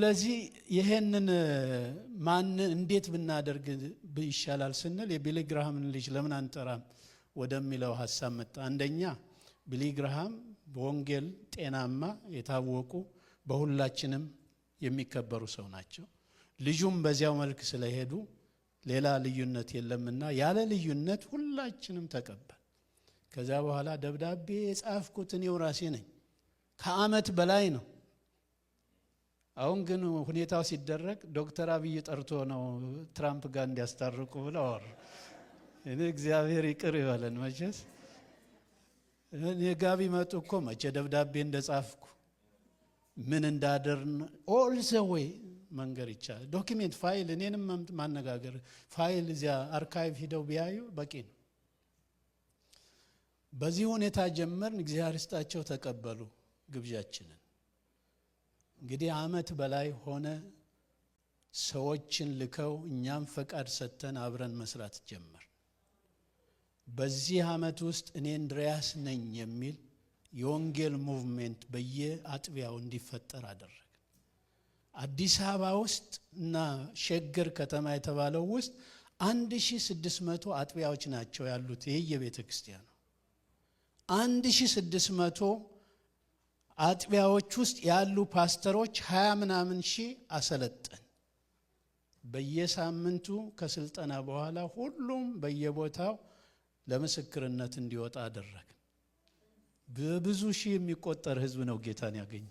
ስለዚህ ይህንን ማን እንዴት ብናደርግ ይሻላል ስንል የቢሊግራሃምን ልጅ ለምን አንጠራም ወደሚለው ሀሳብ መጣ። አንደኛ ቢሊግራሃም በወንጌል ጤናማ የታወቁ በሁላችንም የሚከበሩ ሰው ናቸው። ልጁም በዚያው መልክ ስለሄዱ ሌላ ልዩነት የለምና ያለ ልዩነት ሁላችንም ተቀበል። ከዚያ በኋላ ደብዳቤ የጻፍኩት እኔው ራሴ ነኝ። ከዓመት በላይ ነው አሁን ግን ሁኔታው ሲደረግ ዶክተር አብይ ጠርቶ ነው ትራምፕ ጋር እንዲያስታርቁ ብለዋል። እኔ እግዚአብሔር ይቅር ይበለን። መቼስ እኔ ጋ ቢመጡ እኮ መቼ ደብዳቤ እንደጻፍኩ ምን እንዳደርን ኦል ዘ ዌይ መንገር ይቻላል። ዶኪሜንት ፋይል፣ እኔንም ማነጋገር ፋይል እዚያ አርካይቭ ሂደው ቢያዩ በቂ ነው። በዚህ ሁኔታ ጀመርን። እግዚአብሔር ይስጣቸው ተቀበሉ ግብዣችንን። እንግዲህ ዓመት በላይ ሆነ። ሰዎችን ልከው እኛም ፈቃድ ሰጥተን አብረን መስራት ጀመር። በዚህ ዓመት ውስጥ እኔ እንድሪያስ ነኝ የሚል የወንጌል ሙቭሜንት በየአጥቢያው እንዲፈጠር አደረግ። አዲስ አበባ ውስጥ እና ሸገር ከተማ የተባለው ውስጥ መቶ አጥቢያዎች ናቸው ያሉት። ይህ የቤተ ስድስት መቶ አጥቢያዎች ውስጥ ያሉ ፓስተሮች ሀያ ምናምን ሺህ አሰለጠን። በየሳምንቱ ከስልጠና በኋላ ሁሉም በየቦታው ለምስክርነት እንዲወጣ አደረግን። በብዙ ሺህ የሚቆጠር ህዝብ ነው ጌታን ያገኘ።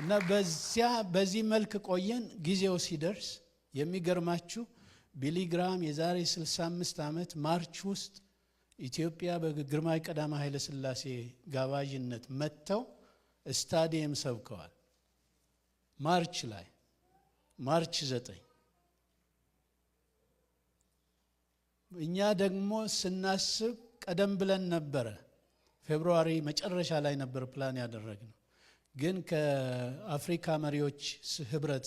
እና በዚያ በዚህ መልክ ቆየን። ጊዜው ሲደርስ የሚገርማችሁ ቢሊግራም የዛሬ 65 ዓመት ማርች ውስጥ ኢትዮጵያ በግርማዊ ቀዳማዊ ኃይለ ሥላሴ ጋባዥነት መጥተው ስታዲየም ሰብከዋል። ማርች ላይ ማርች ዘጠኝ እኛ ደግሞ ስናስብ ቀደም ብለን ነበረ። ፌብርዋሪ መጨረሻ ላይ ነበር ፕላን ያደረግነው፣ ግን ከአፍሪካ መሪዎች ህብረት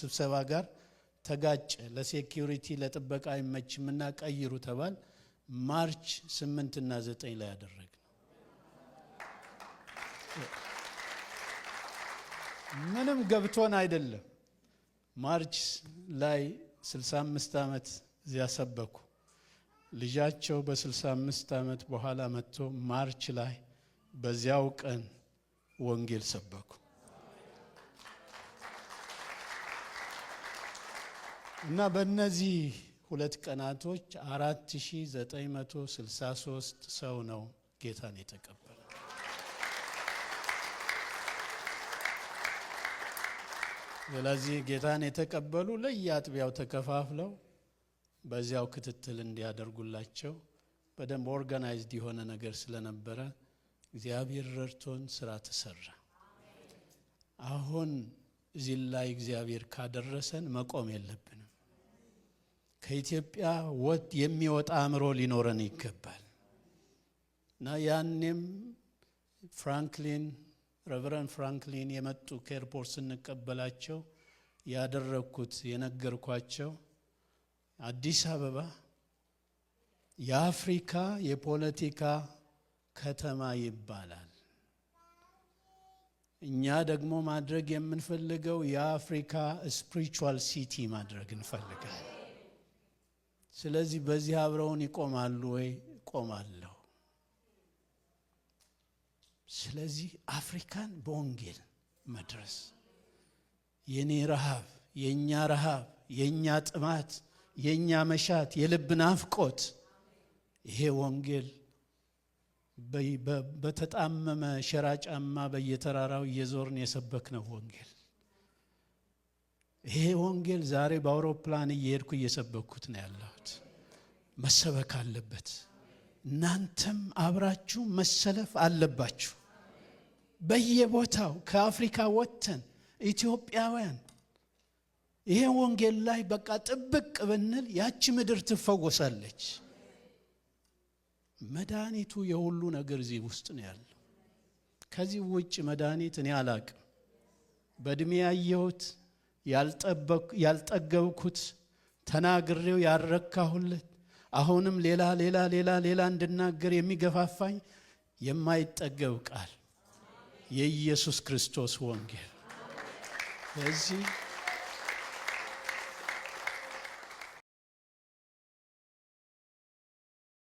ስብሰባ ጋር ተጋጨ። ለሴኪሪቲ ለጥበቃ አይመችምና ቀይሩ ተባል ማርች 8ትና እና 9 ላይ ያደረግ ነው። ምንም ገብቶን አይደለም። ማርች ላይ 65 ዓመት እዚያ ሰበኩ። ልጃቸው በ65 ዓመት በኋላ መጥቶ ማርች ላይ በዚያው ቀን ወንጌል ሰበኩ። እና በእነዚህ ሁለት ቀናቶች 4963 ሰው ነው ጌታን የተቀበለ። ስለዚህ ጌታን የተቀበሉ ለየአጥቢያው ተከፋፍለው በዚያው ክትትል እንዲያደርጉላቸው በደንብ ኦርጋናይዝድ የሆነ ነገር ስለነበረ እግዚአብሔር ረድቶን ስራ ተሰራ። አሁን እዚህ ላይ እግዚአብሔር ካደረሰን መቆም የለብንም። ከኢትዮጵያ ወጥ የሚወጣ አእምሮ ሊኖረን ይገባል እና ያኔም ፍራንክሊን ረቨረን ፍራንክሊን የመጡ ከኤርፖርት ስንቀበላቸው ያደረግኩት የነገርኳቸው አዲስ አበባ የአፍሪካ የፖለቲካ ከተማ ይባላል። እኛ ደግሞ ማድረግ የምንፈልገው የአፍሪካ ስፕሪቹዋል ሲቲ ማድረግ እንፈልጋለን። ስለዚህ በዚህ አብረውን ይቆማሉ ወይ? እቆማለሁ። ስለዚህ አፍሪካን በወንጌል መድረስ የኔ ረሃብ፣ የእኛ ረሃብ፣ የእኛ ጥማት፣ የእኛ መሻት፣ የልብ ናፍቆት ይሄ ወንጌል በተጣመመ ሸራ ጫማ በየተራራው እየዞርን የሰበክ ነው ወንጌል ይሄ ወንጌል ዛሬ በአውሮፕላን እየሄድኩ እየሰበኩት ነው ያለሁት። መሰበክ አለበት። እናንተም አብራችሁ መሰለፍ አለባችሁ። በየቦታው ከአፍሪካ ወጥተን ኢትዮጵያውያን ይሄ ወንጌል ላይ በቃ ጥብቅ ብንል ያቺ ምድር ትፈወሳለች። መድኃኒቱ የሁሉ ነገር እዚህ ውስጥ ነው ያለው። ከዚህ ውጭ መድኃኒት እኔ አላቅም። በእድሜ ያየሁት ያልጠገብኩት ተናግሬው ያረካሁለት አሁንም ሌላ ሌላ ሌላ ሌላ እንድናገር የሚገፋፋኝ የማይጠገብ ቃል የኢየሱስ ክርስቶስ ወንጌል በዚህ